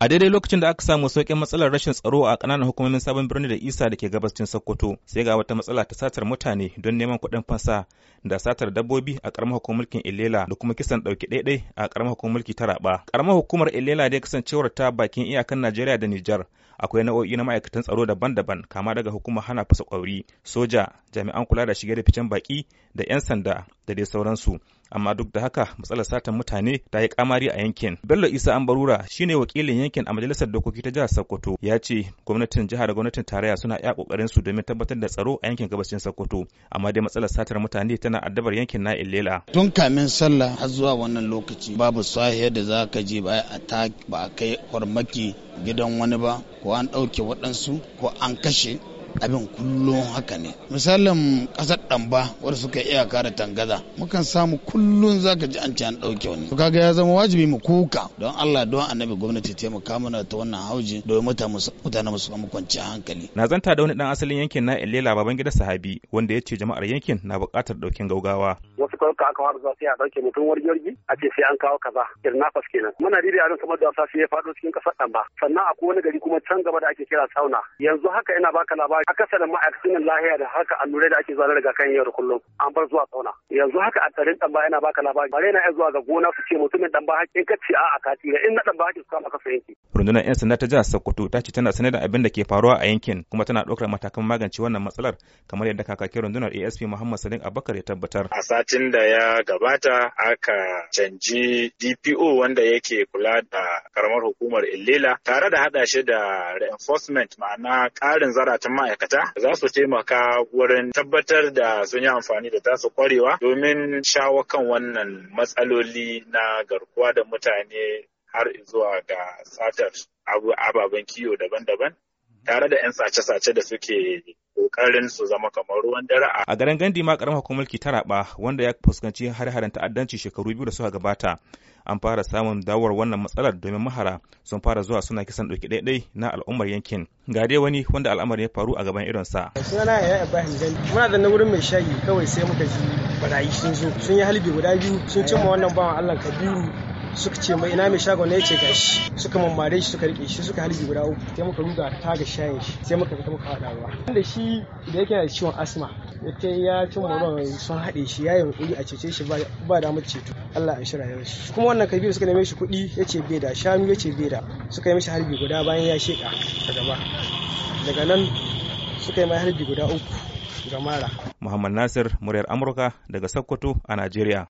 A daidai lokacin da aka samu sauƙin matsalar rashin tsaro a ƙananan hukumomin sabon birni da isa da ke cin Sokoto, sai ga wata matsala ta satar mutane don neman kuɗin fansa da satar dabbobi a ƙaramar hukumar mulkin Ilela da kuma kisan ɗauki ɗaiɗai a ƙaramar hukumar mulki Taraba. Ƙaramar hukumar Ilela da kasancewar ta bakin iyakan Najeriya da Nijar akwai nau'o'i na ma'aikatan tsaro daban-daban kama daga hukumar hana fasa ƙwauri, soja, jami'an kula da shige da ficen baki da 'yan sanda da dai sauransu. Amma duk da haka matsalar satan mutane ta yi kamari a yankin. Bello Isa Ambarura shine wakilin yankin a majalisar dokoki ta jihar Sokoto ya ce gwamnatin jihar da gwamnatin tarayya suna iya kokarin su domin tabbatar da tsaro a yankin gabashin Sokoto amma dai matsalar satar mutane tana addabar yankin na Ilela. Tun kamin sallah har zuwa wannan lokaci babu sahiya da za ka je ba a ba a kai hormaki gidan wani ba ko an ɗauke waɗansu ko an kashe abin kullum haka ne misalin kasar ɗamba wadda suka iyaka da tangaza mukan samu kullum ka ji an ci an ɗauke wani kaga ya zama wajibi mu kuka don Allah don annabi gwamnati taimaka mana ta wannan hauji domin mutane musu samu kwanciyar hankali na zanta da wani dan asalin yankin na Ilela gida Sahabi wanda ya ce jama'ar yankin na bukatar ɗaukin gaugawa wasu kawai aka fara zuwa sai a ɗauke mutum wani jirgi a ce sai an kawo kaza kirnafas kenan muna riri a nan kamar da sai ya faɗo cikin kasar ɗamba sannan akwai wani gari kuma can gaba da ake kira sauna yanzu haka ina baka labari akasarin ma'aikacin lahiya da haka allurai da ake zuwa daga kan yau da kullum an bar zuwa tsauna yanzu haka a tsarin ɗan ba yana baka labari bare na zuwa ga gona su ce mutumin dan ba hakkin ci a kati da in na ɗan ba hakkin su kama kasa yanki rundunar yan sanda ta jihar Sokoto ta ce tana sanar da abin da ke faruwa a yankin kuma tana ɗaukar matakan magance wannan matsalar kamar yadda kakakin rundunar ASP Muhammad Salim Abubakar ya tabbatar a satin da ya gabata aka canji DPO wanda yake kula da karamar hukumar Illela tare da hada shi da reinforcement ma'ana ƙarin zaratan ma'aikata za su taimaka wurin tabbatar da sun yi amfani da tasu kwarewa domin shawo kan wannan matsaloli na garkuwa da mutane har zuwa ga satar ababen kiyo daban-daban tare da 'yan sace-sace da suke kokarin su zama kamar ruwan dare a garin gandi ma karamar hukumar ta raba wanda ya fuskanci har-haren ta'addanci shekaru biyu da suka gabata an fara samun dawar wannan matsalar domin mahara sun fara zuwa suna kisan ɗauki ɗaiɗai na al'ummar yankin ga dai wani wanda al'amarin ya faru a gaban irinsa sunana ya ibrahim gandi muna da na wurin mai shayi kawai sai muka ji barayi sun zo sun yi halibi guda biyu sun cimma wannan bawan allah kabiru suka ce mai ina mai shagon ne ce gashi suka mammare shi suka rike shi suka halbi guda uku sai muka ruga ta ga shayin shi sai muka fita muka haɗa ruwa wanda shi da yake da ciwon asma ya kai ya cin moron sun haɗe shi ya yi a cece shi ba mu ceto Allah ya shirya yau shi kuma wannan kabiru suka neme shi kuɗi ya ce bai da shanu ya ce bai da suka yi mishi harbi guda bayan ya sheka ta gaba daga nan suka yi mai harbi guda uku ga mara Muhammad Nasir muryar Amurka daga Sokoto a Najeriya